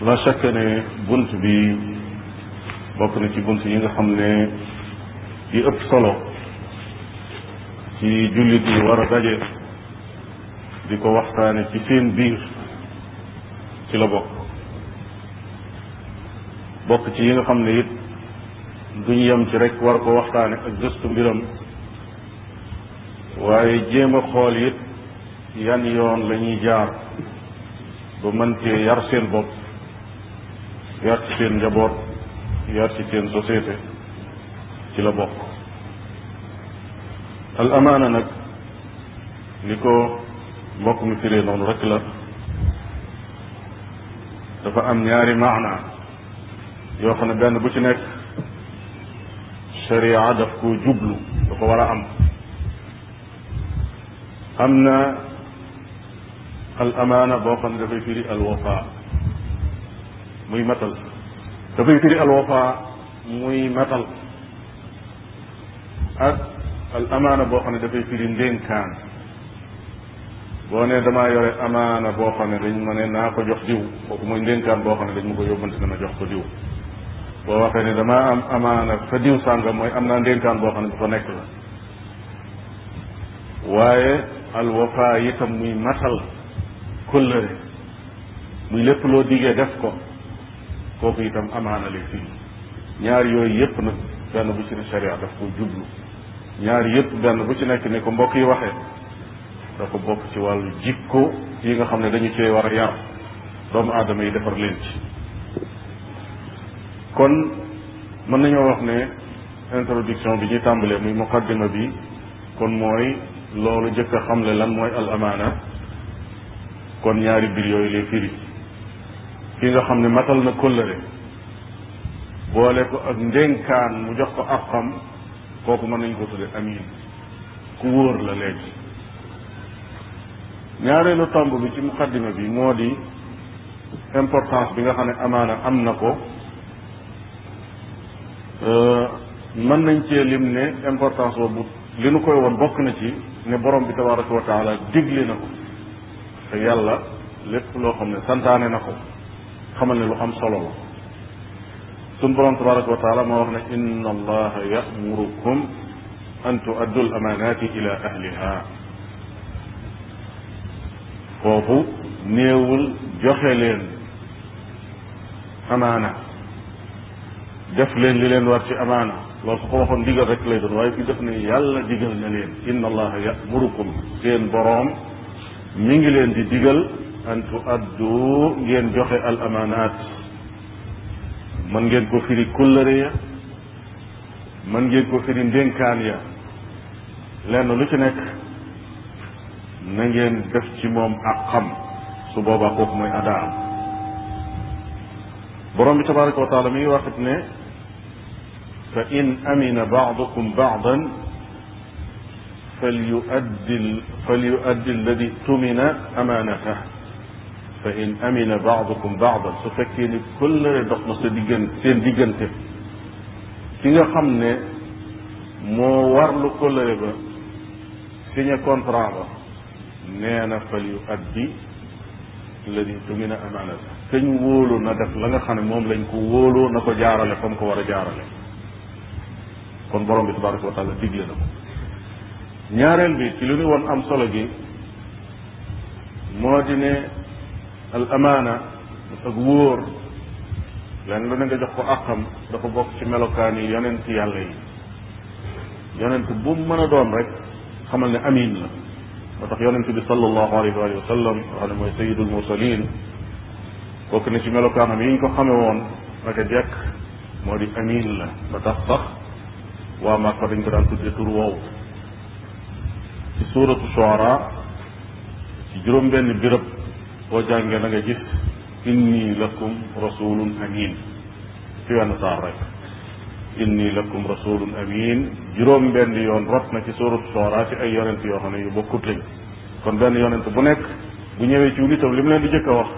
la chaque ne bunt bi bokk na ci bunt yi nga xam ne yi ëpp solo ci jullit yi war a daje di ko waxtaane ci seen biir ci la bokk bokk ci yi nga xam ne it duñ yem ci rekk war ko waxtaane ak gëstu mbiram waaye jéem a xool it yan yoon lañuy jaar ba mën yar seen bopp yar ci seen njaboot yar ci seen société ci la bokk al amaana nag li ko mbokk mi firee noonu rek la dafa am ñaari maana yoo xam ne benn bu ci nekk sharia daf ko jublu dafa war a am am na al amaana boo xam ne dafay al wafa muy matal dafay firi al wafa muy matal ak al amaana boo xam ne dafay firi ndénkaan boo ne damaa yore amaana boo xam ne dañ ma ne naa ko jox diw kooku mooy ndénkaan boo xam ne dañ ma ko yóbbante ne ma jox ko diw boo waxee ne damaa am amaana fa diw sàngam mooy am naa ndénkaan boo xam ne bu fa nekk la waaye al wafa itam muy matal kóllëre muy lépp loo digee def ko kooku itam amaana lay fii ñaar yooyu yëpp nag benn bu ci ne sharia ko jublu ñaar yëpp benn bu ci nekk ni ko mbokk yi waxee da ko bokk ci wàllu jikko yi nga xam ne dañu cee war a yar doomu aadama yi defar leen ci kon mën nañoo wax ne introduction bi ñuy tàmbalee muy muqaddima bi kon mooy loolu jëkk a xamle lan mooy al amaana kon ñaari mbir yooyu lay firi ki nga xam ne matal na kóllëre boole ko ak ndénkaan mu jox ko ak xam kooku mën nañ ko tudde amin ku wóor la léegi ñaareelu tomb bi ci muqaddima bi moo di importance bi nga xam ne amaana am na ko euh, mën nañ cee lim ne importance boobu li nu koy woon bokk na ci ne borom bi tabaraka wa taala digle na ko te yàlla lépp loo xam ne santaane na ko xamal ne lu am solo la suñ borom tabaraka wa taala moo wax ne inna allaha yamurukum an tuaddu al amanati ila ahliha foofu néewul joxe leen amaana def leen li leen war ci amaana loolu su ko waxoon digal rek lay doon waaye fi def ne yàlla digal na leen inna allaha yamurukum seen boroom mi ngi leen di digal an tuaddu ngeen joxe al amaanaat mën ngeen ko firi kullëre ya mën ngeen ko firi ndénkaan ya lenn lu ci nekk na ngeen def ci moom ak xam su boobaa kooku mooy adaa borom bi tabaraka wa taala mi waxit ne fa in amina baadukum baadan falyuaddi falyuaddi alladi tumina amaanatah fa in amina baadukum ba su fekkee ni këllëre dox na sa diggante seen diggante ki nga xam ne moo warlu këllëre ba signé contrant ba nee na fal yu addi alladi tumina amaanata kañ wóolu na def la nga xam ne moom lañ ko wóolu na ko jaarale fa mu ko war a jaarale kon borom bi tabaraka wa digle na ko ñaareel bi ci lu ñu woon am solo gi moo di al amaana ak wóor leen lu ne nga jox ko àqam dafa bokk ci melokaan yi yonent yàlla yi yonent bu mu mën a doon rek xamal ne amiin la moo tax yonent bi sallallahu alayhi wa sallam nga xam ne mooy sayidul mursalin bokk na ci melokaanam yi ñu ko xame woon naka jekk moo di amiin la ba tax sax waa Màkka dañ ko daan tuddee tur woowu ci Shuara ci juróom benn birëb boo jàngee da nga gis inni lakum rasulun amin ci wenn saar rek inni lakum rasulun amin juróom benn yoon rot na ci suuratu Shu'ara ci ay yonent yoo xam ne yu bokkut lañ kon benn yonent bu nekk bu ñëwee ci nitam li mu leen di jëkk a wax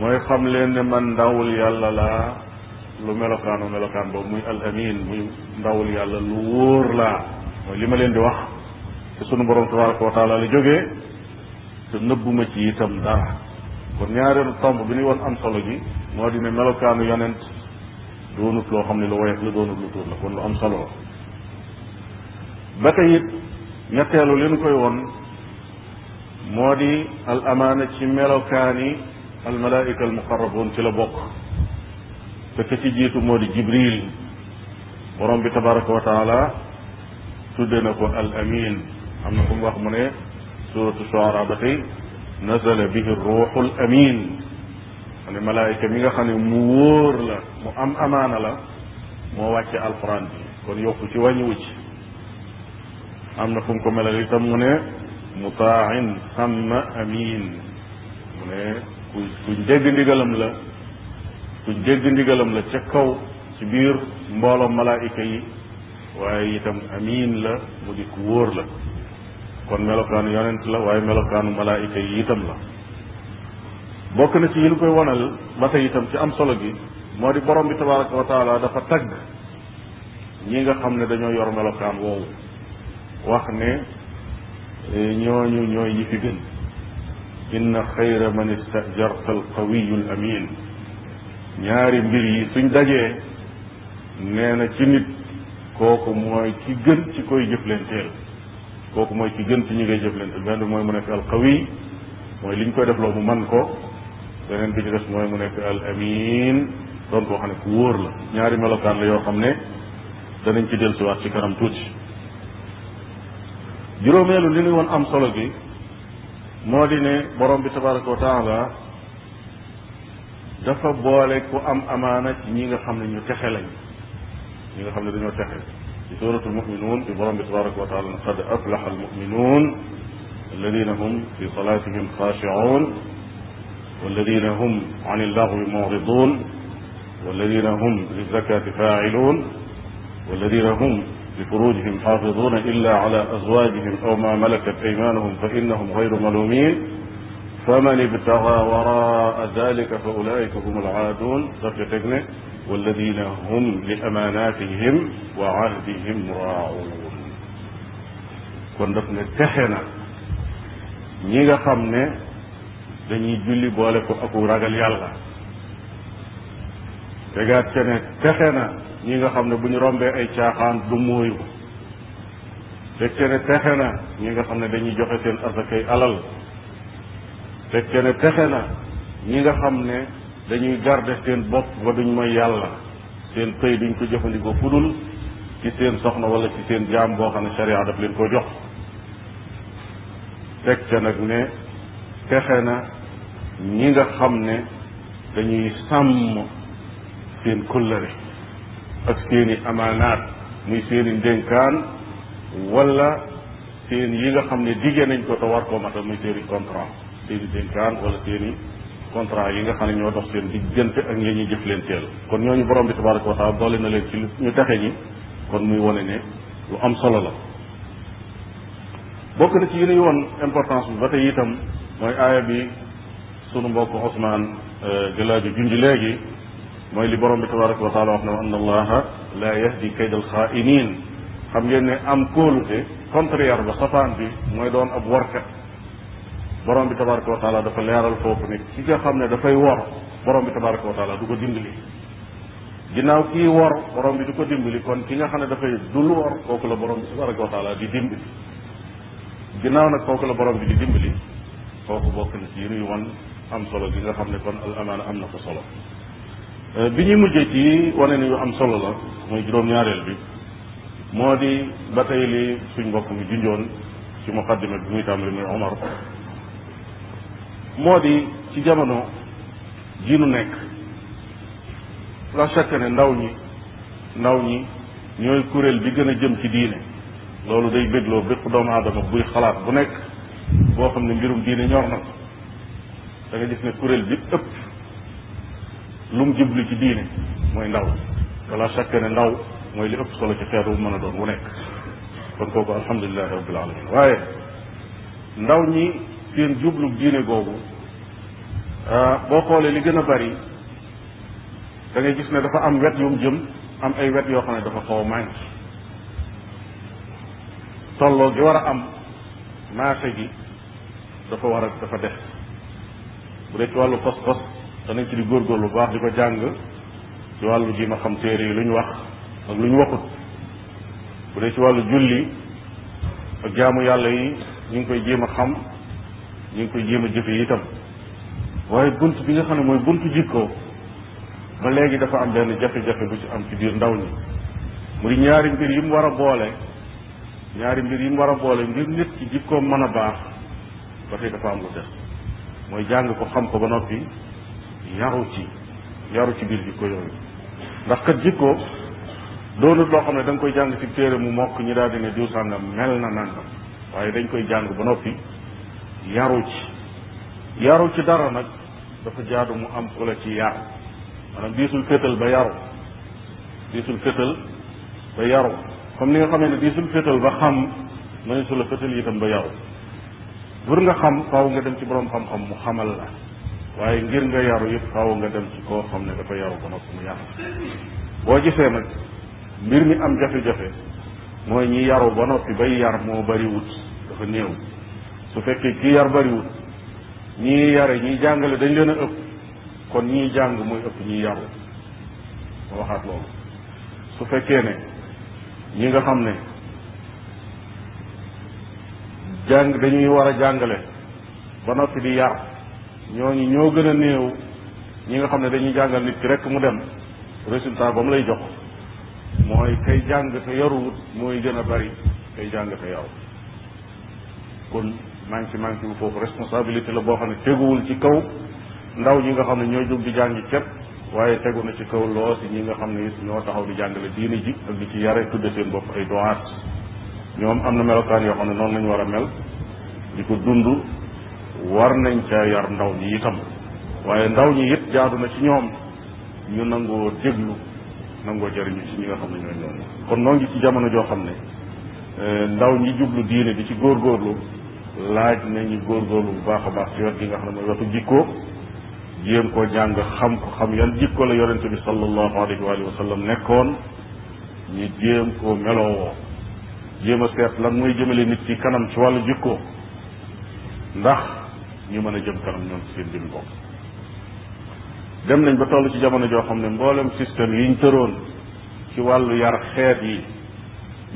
mooy xam leen ne man ndawul yàlla laa lu melokaanu melokaan boobu muy al amin muy ndawul yàlla lu wóor laa mooy li ma leen di wax te sunu borom tabaraka wa taala la jógee te nëbbuma ci itam dara kon ñaareelu tomb bi ñuy woon am solo ji moo di ne melokaanu yonent doonut loo xam ne lu woyof la doonut lu tuur la kon lu am solo la ba tey it ñetteelu li ñu koy woon moo di al amaana ci melokaani al malaayika al muqarraboon ci la bokk te ka ci jiitu moo di jibril borom bi tabaraka wa taala tudde na ko al amin am na fu mu wax mu ne suratu shuara ba tey bihi ruuxul amin ma ne malaayika xam ne mu la moo wàcce alquran bi kon yokku ci wàññiwu ci am na fu mu ko melal mu ne mutaain samma amin mu ne ku kuñ dégg ndigalam la kuñ dégg ndigalam la ca kaw ci biir mbooloo malaayika yi waaye amin la mu di ku wóor la kon melokaanu yonent la waaye melokaanu malaayika yi itam la bokk na ci yi lu koy wonal ba tey itam ci am solo gi moo di borom bi tabaraka wa taala dafa tagg ñi nga xam ne dañoo yor melokaan woowu wax ne e, ñooñu ñooy ñi fi gën inna xayra man istajarta alqawiyu l amin ñaari mbir yi suñ dajee nee na ci nit kooku mooy ci gën ci koy jëflenteel kooku mooy ki gën ci ñi ngay jëflante benn bi mooy mu nekk al qawi mooy li ñu koy defloo mu man ko beneen bi ci des mooy mu nekk al amin doon koo xam ne ku wóor la ñaari melokaan la yoo xam ne danañ ci dellusiwaat ci kanam tuuti juróomeelu li ñu woon am solo gi moo di ne borom bi tabaraka wa taala dafa boole ku am amaana ci ñi nga xam ne ñu texe lañ ñi nga xam ne dañoo texe ci suuratul muminuun ci borom bi tabaraka wa taala qad aflaxa almuminuun alladina hum fi salaatihim xaashicuun walladina hum an illahwi mucriduun walladina hum lizakaati faaciluun walladina hum لفروجهم حافظون إلا على أزواجهم أو ما ملكت أيمانهم فإنهم غير ملومين faman ibtaxa waraa dalika fa ulaika hum alaaduun daf ca teg ne walladina hum li amaanatihim wa ahdihim raauun kon daf ne texe na ñi nga xam ne dañuy julli boole ko aku ragal yàlla tegaat ca ne texe na ñi nga xam ne bu ñu rombee ay caaxaan du mooyu teg ca ne texe na ñi nga xam ne dañuy joxe seen asakay alal fekkee ne texe na ñi nga xam ne dañuy garder seen bopp ba duñ mooy yàlla seen pëy duñ ko jëfandikoo dul ci seen soxna wala ci seen jaam boo xam ne sharia daf leen ko jox teg ca nag ne texe na ñi nga xam ne dañuy sàmm seen kóllëre ak seeni amaanaat muy seeni ndénkaan wala seen yi nga xam ne diggee nañ ko te war koo matal muy seeni contrat seeni dénkaan wala seeni contrat yi nga xam ne ñoo dox seen diggante ak ñi ñuy jëflanteel kon ñooñu borom bi tabaraka wa taala doole na leen ci ñu taxe ñi kon muy wane ne lu am solo la bokk na ci yi nuy woon importance bi ba tey itam mooy aaya bi sunu mbokk Ousmane Galaaju euh, junj léegi mooy li borom bi tabaraka wa taala wax ne wa anna allaha la yahdi kaydal xaa'iniin xam ngeen ne am kóolute contraire ba safaan bi mooy doon ab warkat borom bi tabaraka wa taala dafa leeral foofu ne ki nga xam ne dafay wor borom bi tabaraka wa du ko dimbali ginnaaw kii wor borom bi du ko dimbali kon ki nga xam ne dafay dul wor kooku la borom bi tabaraka wa taala di dimbali ginnaaw nag kooku la borom bi di dimbali kooku bokk na ci yi nuy wan am solo gi nga xam ne kon al amaana am na ko solo euh, bi ñu mujjee ci wane ni yu am solo la muy juróom-ñaareel bi moo di ba tey suñ mbokk mi junjoon ci muqaddima bi moo di ci jamono ji nu nekk la chaque ne ndaw ñi ndaw ñi ñooy kuréel bi gën a jëm ci diine loolu day bégloo bépp doomu aadama buy xalaat bu nekk boo xam ne mbirum diine ñor na da nga gis ne kuréel bi ëpp lu mu jublu ci diine mooy ndaw wala chaque ne ndaw mooy li ëpp solo ci xeetu bu mën a doon wu nekk kon kooku alhamdulilahi rabbil alamin waaye ndaw ñi seen jublu diine googu ah, boo xoolee li gën a bari dangay gis ne dafa am wet yum jëm am ay wet yoo xam ne dafa xaw a manqué tolloo gi war a am marché gi dafa war a dafa def bu dee ci wàllu pos-pos danañ ci di góorgóorlu bu baax di ko jàng ci wàllu ji ma xam téere yi lu ñu wax ak lu ñu waxut bu dee ci wàllu julli ak jaamu yàlla yi ñu ngi koy jéem a xam ñu ngi koy jéem a jëfe itam waaye bunt bi nga xam ne mooy buntu jikkoo ba léegi dafa am benn jafe-jafe bu ci am ci biir ndaw ñi mu di ñaari mbir yi mu war a boole ñaari mbir yi mu war a boole ngir nit ki jikkoom mën a baax ba tey dafa am lu def mooy jàng ko xam ko ba noppi yaru ci yaru ci biir jikko yooyu ndax kat jikko doonut loo xam ne da koy jàng ci téere mu mokk ñi daal di ne diw sàngam mel na nangam waaye dañ koy jàng ba noppi yaru ci yaru ci dara nag dafa jaadu mu am ku ci yar maanaam diisul fétal ba yaru diisul fétal ba yaru kon li nga xamee ne diisul fétal ba xam nañu su la fétal itam ba yaru pour nga xam faaw nga dem ci boroom xam-xam mu xamal la waaye ngir nga yaru yëpp faaw nga dem ci koo xam ne dafa yaru ba noppi mu yar boo gisee nag mbir mi am jafe-jafe mooy ñi yaru ba noppi bay yar moo bariwut dafa néew su fekkee kii yar bariwul ñii yare ñii jàngale dañ leen a ëpp kon ñii jàng mooy ëpp ñii yaru ma waxaat loolu su fekkee ne ñi nga xam ne jàng dañuy war a jàngale ba noppi di yar ñooñu ñoo gën a néew ñi nga xam ne dañuy jàngal nit ki rek mu dem résultat ba lay jox mooy kay jàng te yaruwut mooy gën a bari kay jàng te yaru kon manqué manqué bu foofu responsabilité la boo xam ne teguwul ci kaw ndaw ñi nga xam ne ñooy jóg di jàngi cet waaye tegu na ci kaw lool si ñi nga xam ne ñoo taxaw di jàngale diine ji ak di ci yare tudde seen bopp ay doaat ñoom am na melokaan yoo xam ne noonu lañu war a mel di ko dund war nañ caa yar ndaw ñi itam waaye ndaw ñi it jaadu na ci ñoom ñu nangoo déglu nangoo jëriñu ci ñi nga xam ne ñooy ñoom kon noo ngi ci jamono joo xam ne eh, ndaw ñi jublu diine di ci góorgóorlu laaj nañu góorgóorlu bu baax a baax ci wet gi nga xam ne mooy wetu jikko jéem koo jàng xam ko xam yan jikko la yonente bi sallallahu alayhi wa sallam nekkoon ñu jéem koo melowoo jéem a seet lan mooy jëmale nit ci kanam ci wàllu jikko ndax ñu mën a jëm kanam ñoom ci seen biir bopp dem nañ ba toll ci jamono joo xam ne mboolem système yi ñu tëroon ci wàllu yar xeet yi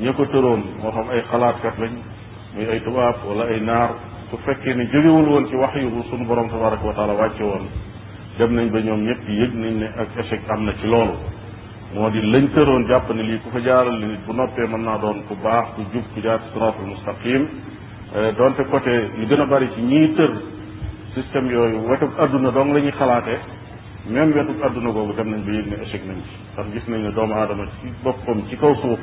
ña ko tëroon moo xam ay xalaatkat lañ muy ay tubaab wala ay naar su fekkee ne jógewul woon ci wax yu sunu borom tabaraka wa taala wàcce woon dem nañ ba ñoom ñëpp yëg nañ ne ak échec am na ci loolu moo di lañ tëroon jàpp ne lii ku fa jaaral li nit bu noppee mën naa doon ku baax ku jub ku jaar siraatul mustaqim euh, donte côté ñu gën a bari ci ñii tër système yooyu wetug adduna dong la ñuy xalaate même wetug adduna googu dem nañ ba yëg ne échec nañ ci ndax gis nañ ne doomu aadama ci boppam ci kaw suuf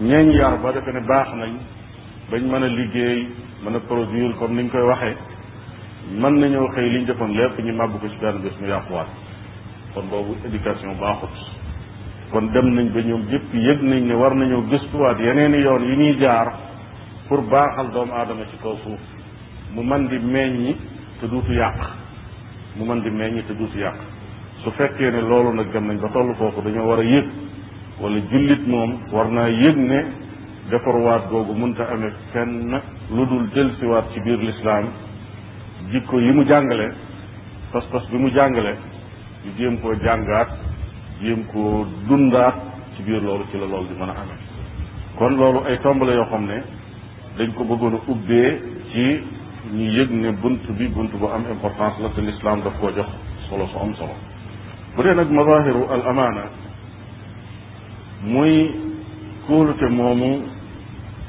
ñeeñ ne baax nañ bañ mën a liggéey mën a produire comme ni ñu koy waxee mën nañoo xëy liñ defoon lépp ñu màbb ko ci benn bés mu yàquwaat kon boobu éducation baaxut kon dem nañ ba ñoom yëpp yëg nañ ne war nañoo gëstuwaat yeneen i yoon yu ñuy jaar pour baaxal doomu aadama ci kaw suuf mu man di ñi te duutu yàq mu mën di meññi te duutu yàq su fekkee ne loolu nag dem nañ ba toll foofu dañoo war a yëg wala jullit moom war naa yëg ne defarwaat googu munta amee fenn lu dul delsiwaat ci biir lislaam jikko yi mu jàngale pas-pas bi mu jàngale ñu jéem koo jàngaat jéem koo dundaat ci biir loolu ci la loolu di mën a amee kon loolu ay tomb yoo xam ne dañ ko bëggoon a ubbee ci ñu yëg ne bunt bi bunt bu am importance la te lislaam daf koo jox solo su am solo bu dee nag mazaahiru al amaana muy kóolute moomu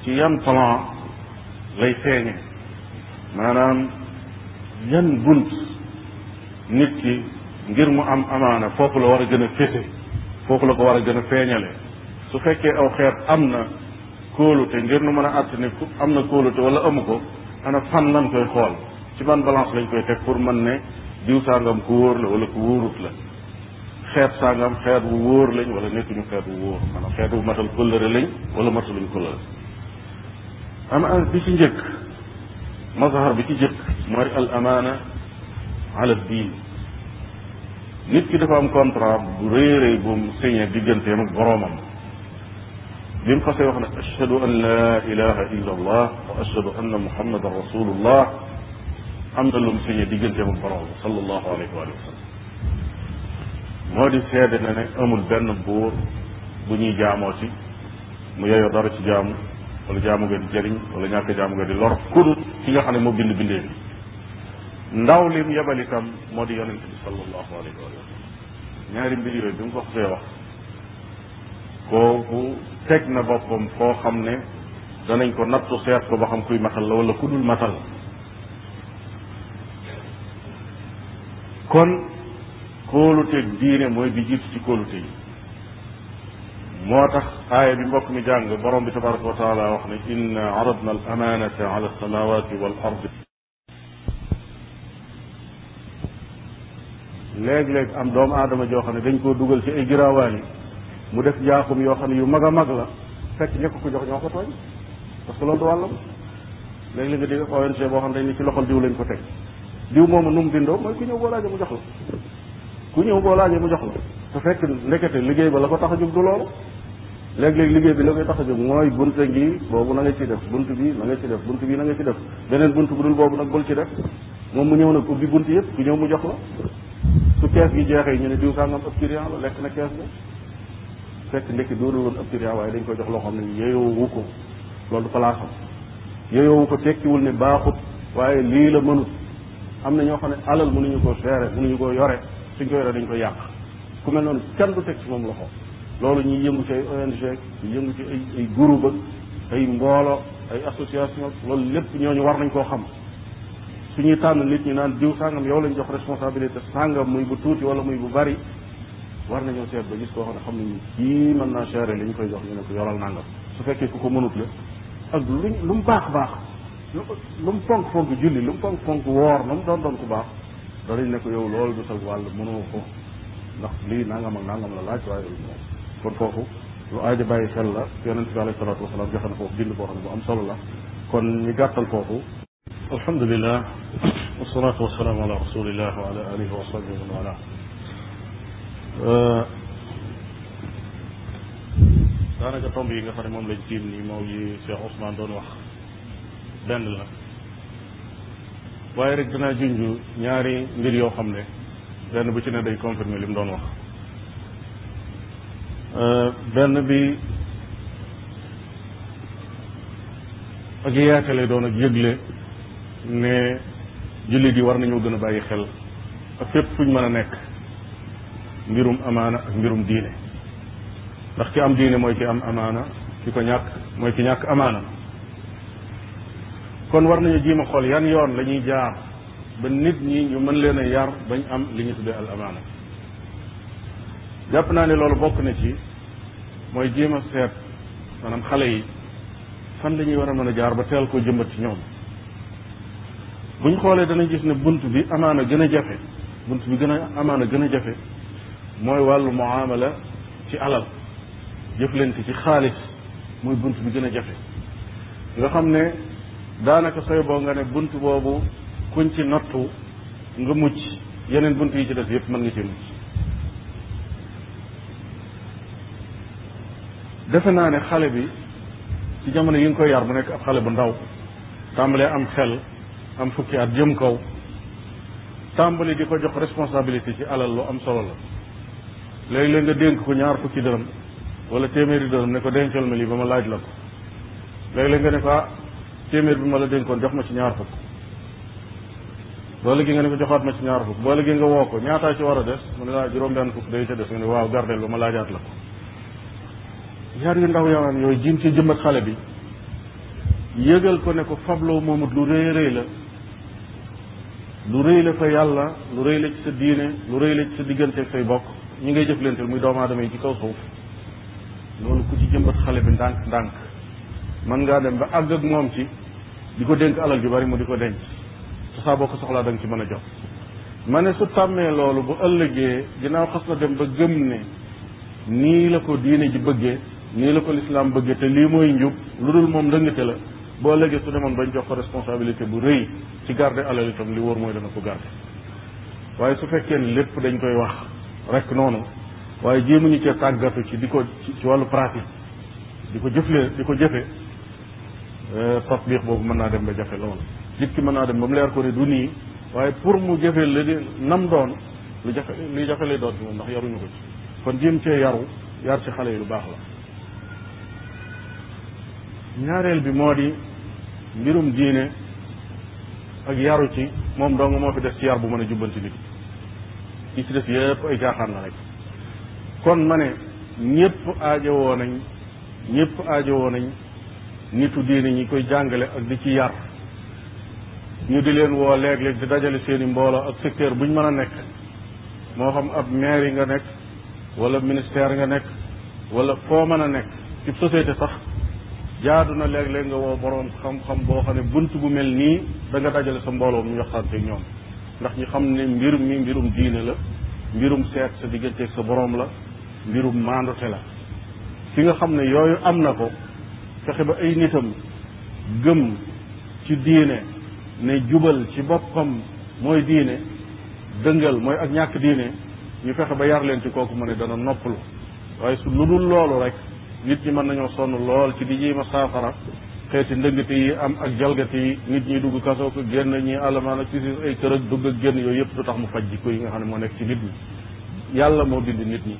ci yan plan lay feeñe maanaam yan bunt nit ki ngir mu am amaana foofu la war a gën a féete foofu la ko war a gën a feeñale su fekkee aw xeet am na kóolute ngir nu mën a àtt ni am na kóolute wala amu ko ana fan lan koy xool ci ban balance lañ koy teg pour mën ne diw sàngam ku wóor la wala ku wóorut la xeet sàngam xeet wu wóor lañ wala nekkuñu xeet xeet wu matal kóllëre lañ wala mataluñ kóllëre am am bi ci njëkk mazhar bi ci njëkk mooy al amaana ala diin nit ki dafa am contrat bu rëy rëy bu mu signé digganteem ak boroomam bi mu xasee wax ne ashhadu an laa ilaha illa allah wa ashhadu anna muhammadan rasulullah am na lu mu signé digganteem ak boroomam sallallahu alayhi wa sallam moo di seede na ne amul benn buur bu ñuy jaamoo ci mu yeyoo dara ci jaamu wala jaamu nga di jëriñ wala ñàkk jaamu nga di lor kudut ki nga xam ne moo bind bindee ndaw lim yebal itam moo di yonente bi sallallahu alayhi wa sallam ñaari mbir yooyu bi mu ko xasee wax kooku teg na boppam koo xam ne danañ ko nattu seet ko ba xam kuy matal la wala ku dul matal kon kóolute diine mooy bi jiitu ci kóolute yi moo tax aaya bi mbokk mi jàng borom bi tabaraka wa wax ne inna aradna al amanata ala alsamawati wal ardi léeg-léeg am doomu aadama joo xam ne dañ koo dugal ci ay giraawaani mu def jaaxum yoo xam ne yu mag a mag la fekk ña ko ko jox ñoo ko tooñ parce loolu du wàllam léeg-léeg nga dégg ONG boo xam ne dañ ne ci loxol diw lañ ko teg diw moomu nu mu dindoo mooy ku ñëw boolaaja mu jox la ku ñëw boo laajee mu jox la te fekk ndekete liggéey ba la ko tax a jóg du loolu liggéey bi la koy tax a jóg mooy bunt ngi boobu na nga ci def bunt bi na nga ci def bunt bi na nga ci def beneen bunt bu dul boobu nag bul ci def moom mu ñëw nag ubbi bunt yëpp ku ñëw mu jox la su kees gi jeexee ñu ne diw sàngam ab client la lekk na kees ga fekk ndekki doonul woon ab waaye dañ koy jox loo xam ne yeyoowu ko loolu palaasam yeyoowu ko tekkiwul ne baaxut waaye lii la mënut am na ñoo xam ne alal mënuñu koo seere mënuñu koo yore suñ ko yoree dañ koy yàq ku mel noonu kenn bu teg ci moom loxo loolu ñuy yëngu ci ay ONG yëngu ci ay ay groupe ak ay mboolo ay association loolu lépp ñooñu war nañ koo xam suñuy tànn nit ñu naan diw sàngam yow lañu jox responsabilité sàngam muy bu tuuti wala muy bu bari war nañoo seet ba gis koo xam ne xam nañu kii mën naa gérer li ñu koy jox ñu ne ko yoral nangam su fekkee ku ko mënut la ak luñ lu mu baax baax lu mu fonk fonk julli lu mu fonk fonk woor na mu doon ku baax danañ ne ko yow loolu du sa wàll mënoo ko ndax lii nangam ak nangam la laaj waaye moom kon foofu lu aaja bàyyi xel la yonent bi alayhi salaatu wasalaam joxe na foofu bind boo xam ne bu am solo la kon ñu gàttal foofu alhamdulilah wasalaatu wasalaamu ala rasulillah wa ala alihi wa sahbihi wa man wala daanaka tomb yi nga xam ne moom lañ tiim nii moom yi Cheikh Ousmane doon wax benn la waaye rek danaa junj ñaari mbir yoo xam ne benn bu ci ne day confirmer li mu doon wax euh, benn bi ak yaakaar lay doon ak yëgle ne jullit yi war nañoo gën a bàyyi xel ak fépp fu ñu mën a nekk mbirum amaana ak mbirum diine ndax ki am diine mooy ci am amaana ki ko ñàkk mooy ci ñàkk amaana kon war nañu jiim a xool yan yoon la ñuy jaar ba nit ñi ñu mën leen a yar bañ am li ñu tuddee al amaana jàpp naa ne loolu bokk na ci mooy jéem a seet maanaam xale yi fan la ñuy war a mën a jaar ba teel koo jëmbat ci ñoom buñ xoolee danañ gis ne bunt bi amaana gën a jafe bunt bi gën a amaana gën a jafe mooy wàllu muamala ci alal jëflante ci xaalis mooy bunt bi gën a jafe nga xam ne daanaka sooy boo nga ne bunt boobu kuñ ci nottu nga mucc yeneen bunt yi ci def yëpp mën nga ci mucc defe naa ne xale bi ci jamono yi nga koy yar mu nekk ab xale bu ndaw tàmbalee am xel am fukki at jëm kaw tàmbali di ko jox responsabilité ci alal lu am solo la léeg-léeg nga dénk ko ñaar fukki dërëm wala téeméeri dërëm ne ko dencal ma lii ba ma laaj la ko léeg-léeg nga ne ko ah téeméer bi ma la dénkoon jox ma ci ñaar fukk boo léegi nga ne ko joxaat ma ci ñaar fukk boo léegi nga woo ko ñaataa ci war a des mu ne laa juróom-benn fukk day ca des nga ne waaw gardeel ba ma laajaat la ko yaar yu ndaw yaram yooyu jiim ci jëmbat xale bi yëgal ko ne ko fabloo moomut lu rëy rëy la lu rëy la fa yàlla lu rëy la ci sa diine lu rëy la ci sa diggante say bokk ñi ngay jëflanteel muy doomu aadama yi ci kaw suuf loolu ku ci jëmbat xale bi ndànk ndànk mën ngaa dem ba àgg moom ci di ko dénk alal ju bari mu di ko denc te saa boo ko soxlaa da ci mën a jox ma ne su tàmmee loolu bu ëllëgee ginnaaw xas na dem ba gëm ne nii la ko diine ji bëggee nii la ko lislaam bëggee te lii mooy njub lu dul moom ndëngate la boo léegi su demoon bañ jox ko responsabilité bu rëy ci garde alal itam li wóor mooy dana ko garder waaye su fekkee ne lépp dañ koy wax rek noonu waaye mu jéemuñu cee tàggatu ci di ko ci wàllu pratique di ko jëflee di ko jëfe Euh, tatbiq boobu mën naa dem ba jafe lool nit ki mën naa dem ba mu leer ko ne du nii waaye pour mu jëfe la di nam doon lu jafe luy jafe lay doon ci moom ndax yaruñu ko ci kon jéem cee yaru yar ci xale yi lu baax la ñaareel bi moo di mbirum diine ak yaru ci moom dong moo fi des ci yar bu mën a jubbanti nit yi ci def yëpp ay jaaxaan la rek kon ma ne ñëpp aajowoo nañ ñëpp aajowoo nañ nitu diine ñi koy jàngale ak di ci yar ñu di leen woo léeg-léeg di dajale seeni mbooloo ak secteur bu ñu mën a nekk moo xam ab maire yi nga nekk wala ministère nga nekk wala foo mën a nekk ci société sax jaadu na léeg-léeg nga woo boroom xam-xam boo xam ne bunt bu mel nii danga dajale sa mbooloo mu waxtaante ñoom ndax ñu xam ne mbir mi mbirum diine la mbirum seet sa digganteeg sa boroom la mbirum maandute la fi nga xam ne yooyu am na ko fexe ba ay nitam gëm ci diine ne jubal ci boppam mooy diine dëngal mooy ak ñàkk diine ñu fexe ba yar leen ci kooku mu ne dana noppalu waaye su lu dul loolu rek nit ñi mën nañoo sonn lool ci di jiima saafara xeeti ndëngati yi am ak jalgati yi nit ñi dugg kaso ko génn ñi alamaan ak ci ay kër ak dugg ak génn yooyu yëpp lu tax mu faj jikko yi nga xam ne moo nekk ci nit ñi yàlla moo bind nit ñi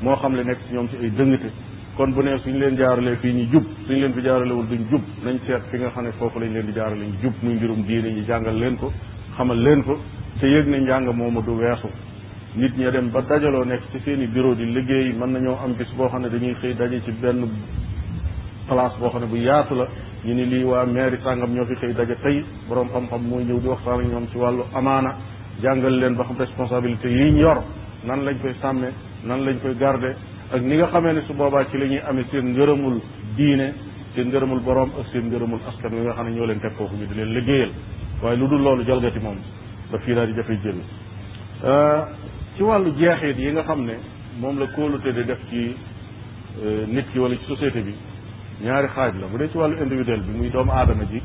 moo xam li nekk ñoom ci ay dëngate kon bu nee suñ leen jaaralee fii ñu jub suñ leen fi jaaralewul duñ jub nañ seet fi nga xam ne foofu lañ leen di jaarale ñu jub muy mbirum diine ñu jàngal leen ko xamal leen ko te yëg ne njàng moomu du weesu nit ña dem ba dajaloo nekk ci seen i bureau di liggéey mën nañoo am bis boo xam ne dañuy xëy daje ci benn place boo xam ne bu yaatu la ñu ni lii waa mairie sàngam ñoo fi xëy daje tey borom xam-xam mooy ñëw di waxtaan ak ñoom ci wàllu amaana jàngal leen ba xam yi ñu yor nan lañ koy sàmme nan lañ koy garder ak ni nga xamee ne su boobaa ci la ñuy amee seen ngërëmul diine seen ngërëmul borom ak seen ngërëmul askan wi nga xam ne ñoo leen teg foofu ñu di leen liggéeyal waaye lu dul loolu jalgati moom ba fii daal di dafay euh, ci wàllu jeexit yi nga xam ne moom la kóolute di def ci euh, nit ki wala ci société bi ñaari xaaj la bu dee ci wàllu individuel bi muy doomu aadama ji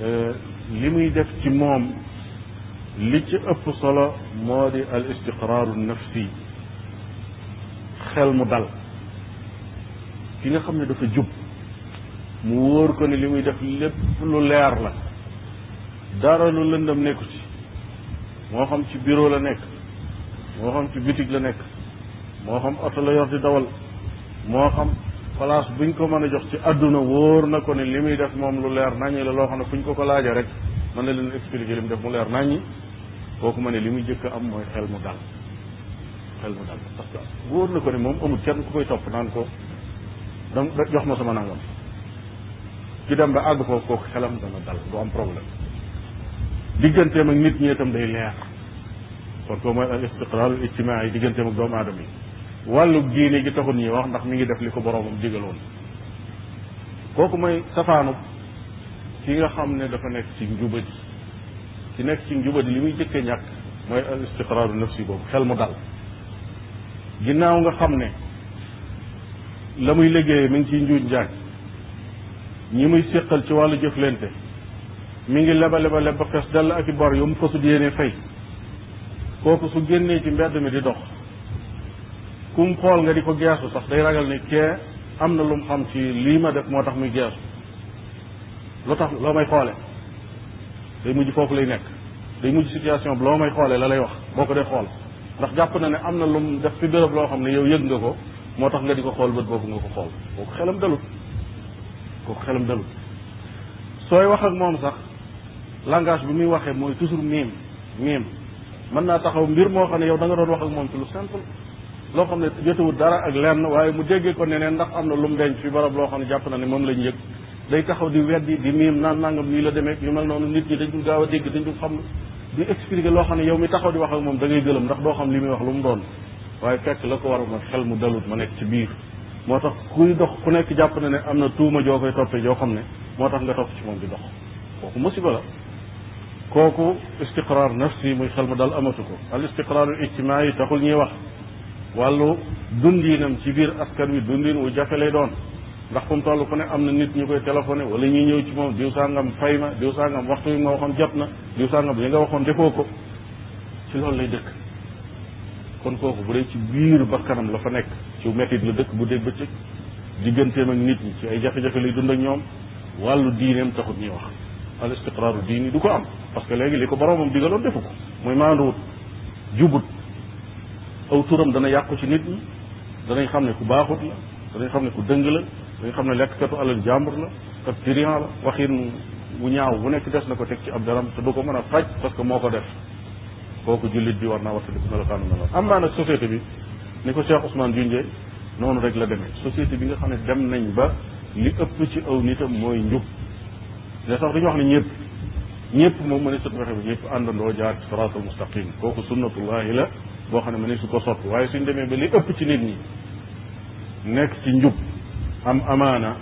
euh, li muy def ci moom li ci ëpp solo moo di al istiqraaru nafsi xel mu dal ki nga xam ne dafa jub mu wóor ko ne li muy def lépp lu leer la dara lu lëndam nekku ci moo xam ci bureau la nekk moo xam ci boutique la nekk moo xam oto la yor di dawal moo xam place buñ ko mën a jox ci àdduna wóor na ko ne li muy def moom lu leer naññi la loo xam ne fuñ ko ko laajee rek mën na leen expliquer li mu def mu leer naññi kooku ma ne li mu jëkk am mooy xel mu dal xel mu dal parce que wóor na ko ne moom amul kenn ku koy topp naan ko dam jox ma sama nangam ci dem ba àgg foofu kooku xelam dana dal du am problème digganteem ak nit ñi itam day leer kon ko mooy al istiqrar al yi digganteem ak doomu aadama yi wàllu diine gi taxul ñuy wax ndax mi ngi def li ko boroomam digaloon kooku mooy safaanu ki nga xam ne dafa nekk ci yi ki nekk ci yi li muy jëkkee ñàkk mooy al istiqraaru nafsi boobu xel mu dal ginnaaw nga xam ne la muy liggéeyee mi ngi ciy njuuj njaaj ñi muy séqal ci wàllu jëflante mu ngi leba leba leb ba fees dell ak i bor yu mu fasut yéene fay kooku su génnee ci mbedd mi di dox kum xool nga di ko geesu sax day ragal ne kee am na lu mu xam ci lii ma def moo tax muy geesu lu tax loo may xoole day mujj foofu lay nekk day mujj situation bi loo may xoole la lay wax boo ko dee xool ndax jàpp na ne am na lu mu def fi béréb loo xam ne yow yëg nga ko moo tax nga di ko xool bët boobu nga ko xool kooku xelam dalut kooku xelam dalut sooy wax ak moom sax langage bi muy waxee mooy toujours miim miim mën naa taxaw mbir moo xam ne yow da nga doon wax ak moom ci lu simple loo xam ne jotewul dara ak lenn waaye mu déggee ko ne ne ndax am na lu mu denc fi barab loo xam ne jàpp na ne moom lañ yëg day taxaw di weddi di miim naan nangam nii la demee yu noonu nit ñi dañ ko a dégg dañ ko xam di expliquer loo xam ne yow mi taxaw di wax ak moom da gëlëm ndax doo xam li muy wax lu mu doon waaye fekk la ko war a mooy xel mu dalut ma nekk ci biir moo tax ku dox ku nekk jàpp na ne am na tuuma joo koy toppee joo xam ne moo tax nga topp ci moom di dox kooku musiba la kooku istiqraar nafsi muy xel ma dal amatu ko al istiqraaru ijtimaai taxul ñuy wax wàllu dundinam ci biir askan wi dundin wu jafe lay doon ndax fu mu toll ne am na nit ñu koy téléphoné wala ñuy ñëw ci moom diw sàngam fay ma diw sàngam waxtu yi nga waxoon jot na diw li nga waxoon defoo ko ci lool lay dëkk kon kooku bu dee ci biir bakkanam la fa nekk ci métit la dëkk bu dee bëccëg digganteem ak nit ñi ci ay jafe-jafe lay dund ak ñoom wàllu diineem taxut ñuy wax al istiqraaru diini du ko am parce que léegi li ko boroomam digaloon defu ko muy maanduwut jubut aw turam dana yàqu ci nit danañ xam ne ku baaxut la xam ne ku la mi xam ne lekk katu alal jàmbur la te pirian la waxin wu ñaaw bu nekk des na ko teg ci ab daram te du ko mën a faj parce que moo ko def kooku jullit bi war naa war tadiko melokaanu melo am naa nag société bi ni ko Cheikh Ousmane junjee noonu rek la demee société bi nga xam ne dem nañ ba li ëpp ci aw nitam mooy njub de sax dañu wax ne ñëpp ñëpp moom mëne sut waxe bi ñëpp àndandoo jaar ci siraatal mustaqim kooku sunnatullahi la boo xam ne mëne su ko sott waaye suñ demee ba li ëpp ci nit ñi nekk ci njub am amaana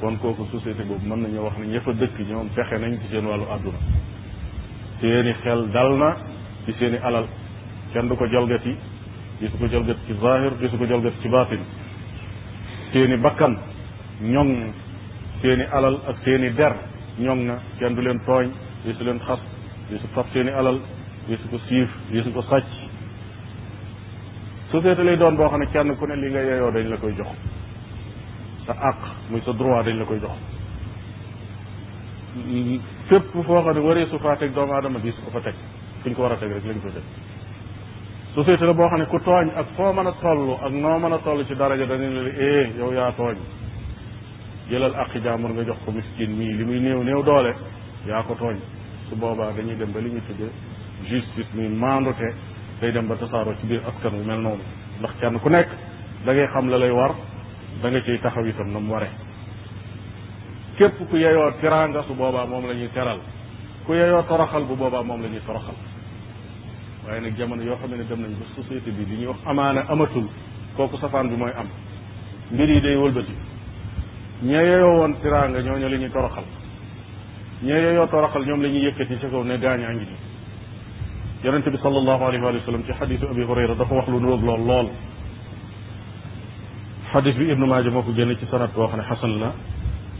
kon kooku société boobu mën nañoo wax nañ ña dëkk ñoom fexe nañ ci seen wàllu àdduna seeni xel dal na ci seeni alal kenn du ko jalgati gisu ko jalgati ci zahir gisu ko jalgati ci baatin seeni bakkan ñoŋ na seeni alal ak seeni der ñoŋ na kenn du leen tooñ gisu leen xas gisu fab seeni alal gisu ko siif gisu ko sàcc société lay doon boo xam ne kenn ku ne li nga yeyoo dañ la koy jox sa àq muy sa droit dañ la koy jox fépp foo xam ne waree su faa teg doomu aadama diis ko fa teg fi ñu ko war a teg rek lañu ko def société la boo xam ne ku tooñ ak foo mën a toll ak noo mën a toll ci daraja dañu ne la eh yow yaa tooñ jëlal àqi jaamur nga jox ko miskin mii li muy néew néew doole yaa ko tooñ su boobaa dañuy dem ba li ñu tudde justice muy maandute day dem ba tasaaroo ci biir askan wu mel noonu ndax kenn ku nekk da xam la lay war da nga ciy taxaw itam na mu ware képp ku yeyoo tiraanga su boobaa moom la ñuy teral ku yeyoo toroxal bu boobaa moom la ñuy toroxal waaye nag jamono yoo xam ne dem nañ ba société bi li ñuy wax amaana amatul kooku safaan bi mooy am mbir yi day wëlbati ña yeyoo woon tiraanga ñooñu la ñuy toroxal ña yeyoo toroxal ñoom la ñuy yëkkati ca kaw ne gaañaa ngi nii yonente bi sallallahu alayhi wa sallam ci xadisu abi hurayra dafa wax lu nuróog lool lool xadis bi ibnu maaja moo ko génne ci sanad boo xam ne xasan la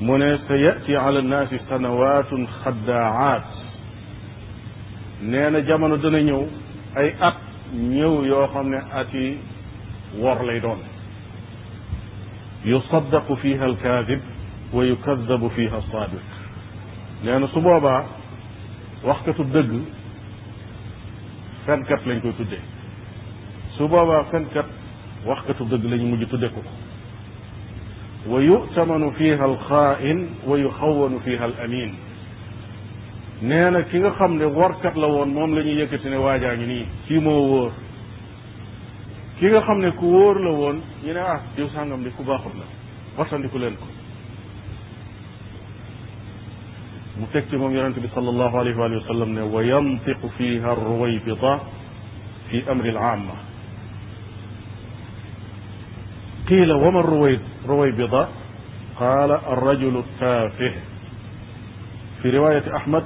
mu ne sa yati ala nnaasi sanawatun xaddaat nee na jamono dana ñëw ay at ñëw yoo xam ne at yi wor lay doon yusaddaqu fiha alkaadib wa yukadabu fiha alsaadiq nee na su boobaa waxkatub dëgg fenkat lañ koy tudde su boobaa fenkat waxkatub dëgg lañ mujj tudde ko wa yu'tamanu fiha alxaa'in wa yuxawanu fiha al amin nee na ki nga xam ne warkat la woon moom la ñuy yëkkati ne waajaa ngi nii kii moo wóor ki nga xam ne ku wóor la woon ñu ne ah diw sàngam di ku baaxul la wattandiku leen ko mu teg ci moom yonente bi sallallahu alayhi wa sallam ne wa yantiqu fiha arruwaybita fi amri al aama qiila wama ruwayd رويبضة قال الرجل التافه في رواية أحمد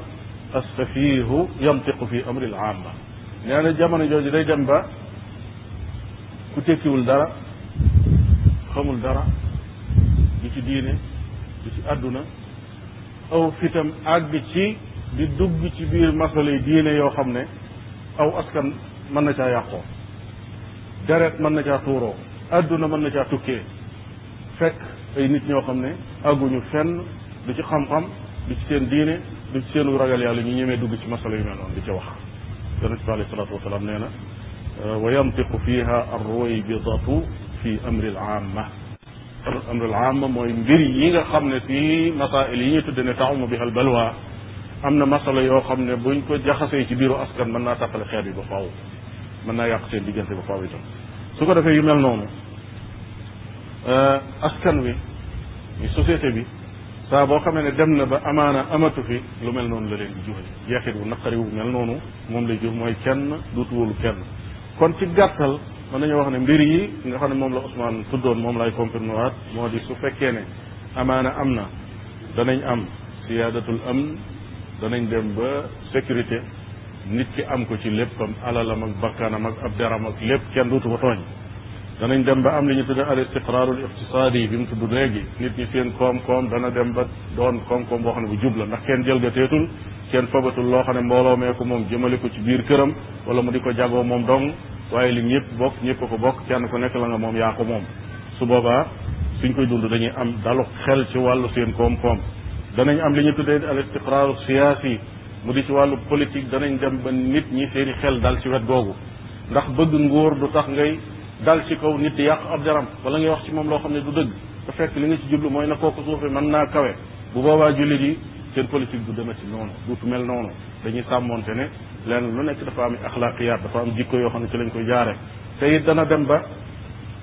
السفيه ينطق في أمر العامة nee na jamono jooju day dem ba ku tekkiwul dara xamul dara du ci diine du ci àdduna aw fitam àgg ci di dugg ci biir masala yi diine yoo xam ne aw askan mën na caa yàqoo deret mën na caa tuuroo àdduna mën na caa tukkee fekk ay nit ñoo xam ne àgguñu fenn du ci xam-xam du ci seen diine du ci seenu ragal yàlla ñu ñemee dugg ci masala yu mel noonu di ci wax yonente bi alayhi salaatu wasalaam nee na wa yantiqu fiha arruwaybidatu fi amri al-aama amri al-aama mooy mbir yi nga xam ne fii masail yi ñu tudde ne taumu biha al-balwa am na masala yoo xam ne buñ ko jaxasee ci biiru askan mën naa tàqale xeet bi ba faaw mën naa yàq seen diggante ba faaw itam su ko defee yu mel noonu Euh, askan wi muy société bi saa boo xamee ne dem na ba amaana amatu fi lu mel noonu la leen di jural jeexit bu naqari wu mel noonu moom lay jur mooy kenn duutu wóolu kenn kon ci gàttal mën nañoo wax ne mbir yi nga xam ne moom la Ousmane tuddoon moom lay confirmé waat moo di su fekkee ne amaana am na danañ am siyaadatul am danañ dem ba sécurité nit ki am ko ci léppam alalam ak bakkanam ak ab daram ak lépp kenn duutu ko tooñ danañ dem ba am li ñu tudde al istiqraarul iqtisaadi bi mu tudd léegi nit ñi seen koom-koom dana dem ba doon koom-koom boo xam ne bu jub la ndax kenn jëlgateetul kenn fabatul loo xam ne mbooloo mee ko moom jëmale ko ci biir këram wala mu di ko jagoo moom dong waaye li ñëpp bokk ñëpp ko bokk kenn ko nekk la nga moom yaa ko moom su boobaa suñ koy dund dañuy am dalu xel ci wàllu seen koom-koom danañ am li ñu tuddee al istiqraaru siyaasi mu di ci wàllu politique danañ dem ba nit ñi seeni xel dal ci wet googu ndax bëgg nguur du tax ngay dal ci kaw nit di yàq ab jaram wala ngay wax ci moom loo xam ne du dëgg te fekk li nga ci jublu mooy na kooku suufe mën naa kawe bu boobaa jullit yi seen politique du deme ci noonu duutu mel noonu dañuy sàmmoonte ne lenn lu nekk dafa am axlaaqiyaat dafa am jikko yoo xam ne ci lañ koy jaare te it dana dem ba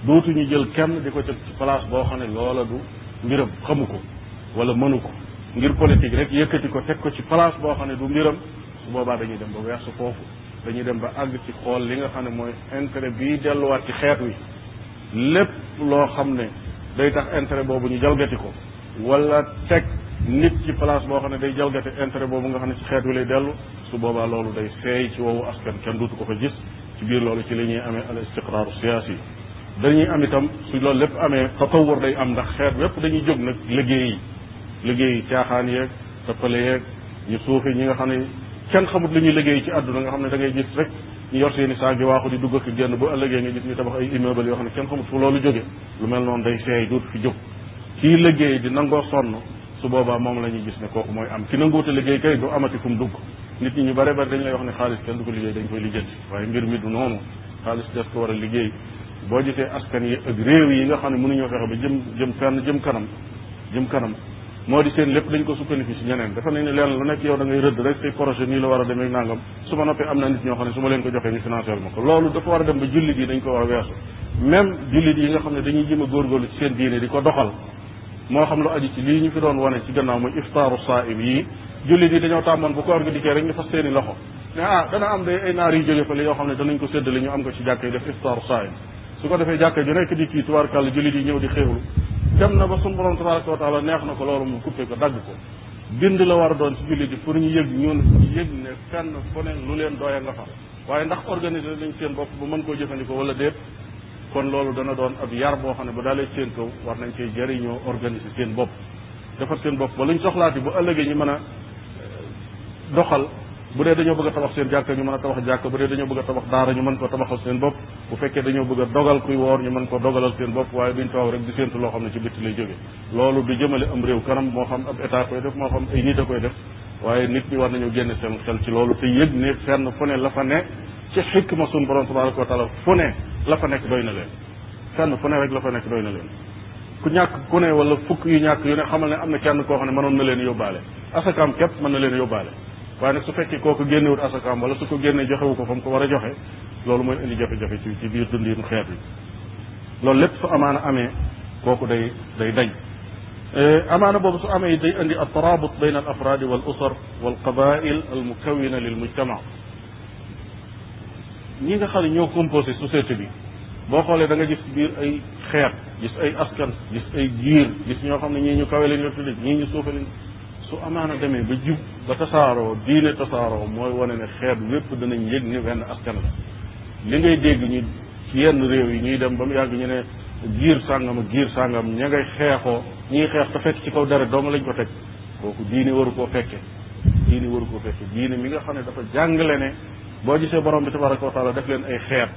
dootuñu jël kenn di ko teg ci place boo xam ne loola du mbiram xamu ko wala mënu ko ngir politique rek yëkkati ko teg ko ci place boo xam ne du mbiram boobaa dañuy dem ba weesu foofu dañuy dem ba àgg ci xool li nga xam ne mooy intérêt bii delluwaat ci xeet wi lépp loo xam ne day tax intere boobu ñu jalgati ko wala teg nit ci place boo xam ne day jalgati intérêt boobu nga xam ne ci xeet wi lay dellu su boobaa loolu day seey ci wowu askan kenn duutu ko fa gis ci biir loolu ci la ñuy amee al istiqraaru siyaasi dañuy am itam su loolu lépp amee tatawur day am ndax xeet yépp dañuy jóg nag liggéey yi liggéey yi caaxaan yeeg tappale yeeg ñu ñi nga xam ne kenn xamut lu ñuy liggéey ci àdduna nga xam ne da ngay gis rek ñu yor seeni saag yi waaxu di dugg ak génn bu ëllëgee nga gis ñu tabax ay immeuble yoo xam ne kenn xamut fu loolu jóge lu mel noonu day seey duut fi jóg kii liggéey di nangoo sonn su boobaa moom la ñuy gis ne kooku mooy am ki nanguute liggéey kay du amati fu mu dugg nit ñi ñu bare bari dañ lay wax ne xaalis kenn du ko liggéey dañ koy liggéey waaye mbir mi du noonu xaalis des ko war a liggéey boo yi ak réew yi nga xam ne mënuñoo fexe ba jëm jëm fenn jëm kanam jëm kanam moo di seen lépp dañ ko sukkandiku ñeneen dafa nañ leen lu nekk yow da ngay rëdd rek say projet nii la war a demee nangam su ma noppee am na nit ñoo xam ne su ma leen ko joxee ñu financé ma ko loolu dafa war a dem ba jullit yi dañ ko war a weesu même jullit yi nga xam ne dañuy jëm a góorgóorlu ci seen diine di ko doxal moo xam lu aju ci lii ñu fi doon wane ci gannaaw muy iftaaru saaim yii jullit yi dañoo tàmmoon bu koor gi dikkee rek ñu ah, yoo xam ne danañ ko séddale ñu am ko ci jàkk yi def iftaaru saaim su ko defee jàkk ju dem na ba sunu borom tabaraka wa taala neex na ko loolu mu coupé ko dagg ko bind la war a doon ci jullit yi pour ñu yëg ñu ñun yëg ne fenn fu ne lu leen doya nga fa waaye ndax organise nañ seen bopp bu mën koo jëfandikoo wala déet kon loolu dana doon ab yar boo xam ne bu daalee seen kaw war nañ cee jëriñoo organiser seen bopp defar seen bopp ba luñ soxlaati bu ëllëgee ñu mën a eh, doxal bu dee dañoo bëgg a tabax seen jàkka ñu mën a tabax jàkka bu dee dañoo bëgg a tabax daara ñu mën ko tabaxal seen bopp bu fekkee dañoo bëgg a dogal kuy woor ñu mën ko dogalal seen bopp waaye duñ toog rek di séentu loo xam ne ci bitti lay jóge loolu du am réew koy def waaye nit ñi war nañu génne seen xel ci loolu te yëg ne fenn fu la fa ne ci xikma sun borom tabaraka wa taala la fa nekk doy na leen fenn fu ne rek la fa nekk doy na leen ku ñàkk ku ne wala fukk yu ñàkk yu ne ne am na kenn koo xam ne mënoon na leen yóbbaale asakaam képp mën na leen yóbbaale waane su fekkee kooku génnewut asakaam wala su ko génne joxewu ko fa mu ko war a joxe loolu mooy indi jafe-jafe ci ci biir dundinu xeet yi loolu lépp su amaana amee kooku day day dañ e, amaana boobu su amee day indi al tarabut bayn al afraadi wal usar wal qabail al mukawina lil mujtama ñi nga xam ne ñoo su société bi boo xoolee da nga gis biir ay xeet gis ay askan gis ay giir gis ñoo xam ne ñii ñu kawe lañ la tudde ñii ñu suufe lañ su amaana demee ba jub ba tasaaroo diine tasaaroo mooy wane ne xeet wépp danañ yëg ni wenn askan la li ngay dégg ñu ci yenn réew yi ñuy dem ba mu yàgg ñu ne giir sàngam giir sàngam ña ngay xeexoo ñuy xeex te fekk ci kaw dara dong lañ ko teg kooku diine waru koo fekke diine waru koo fekke diine mi nga xam ne dafa jàngale ne boo gisee borom bi tabaraka wa taala def leen ay xeet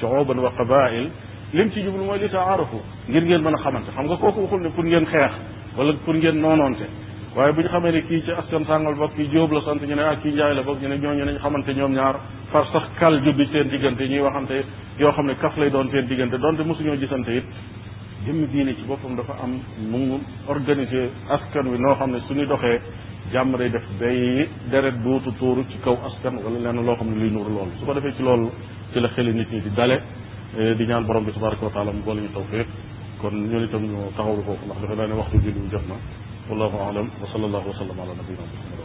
shuuban wa qabail lim ci jublu mooy li taarafu ngir ngeen mën a xamante xam nga kooku waxul ne pour ngeen xeex wala pour ngeen noonoonte waaye bu ñu xamee ne kii ci askan sàngal bokk kii jóob la sant ñu ne ak kii njaay la bokk ñu ne ñooñu nañ xamante ñoom ñaar far sax kal jubbi seen diggante ñuy waxante yoo xam ne kaf lay doon seen diggante donte mosuñoo gisante it jëmm diine ci boppam dafa am mu ngi organiser askan wi noo xam ne suñu doxee jàmm day def bay deret duutu tuuru ci kaw askan wala lenn loo xam ne luy nuur lool su ko defee ci lool ci la xeli nit ñi di dale eh, di ñaan borom bi tabaraka wa taala mu boole ñu tawfiq kon ñun itam ñu taxawlu foofu ndax dafa naa ne waxtu julli jot na wallahu alam wa sallallahu wa sallam ala nabiyina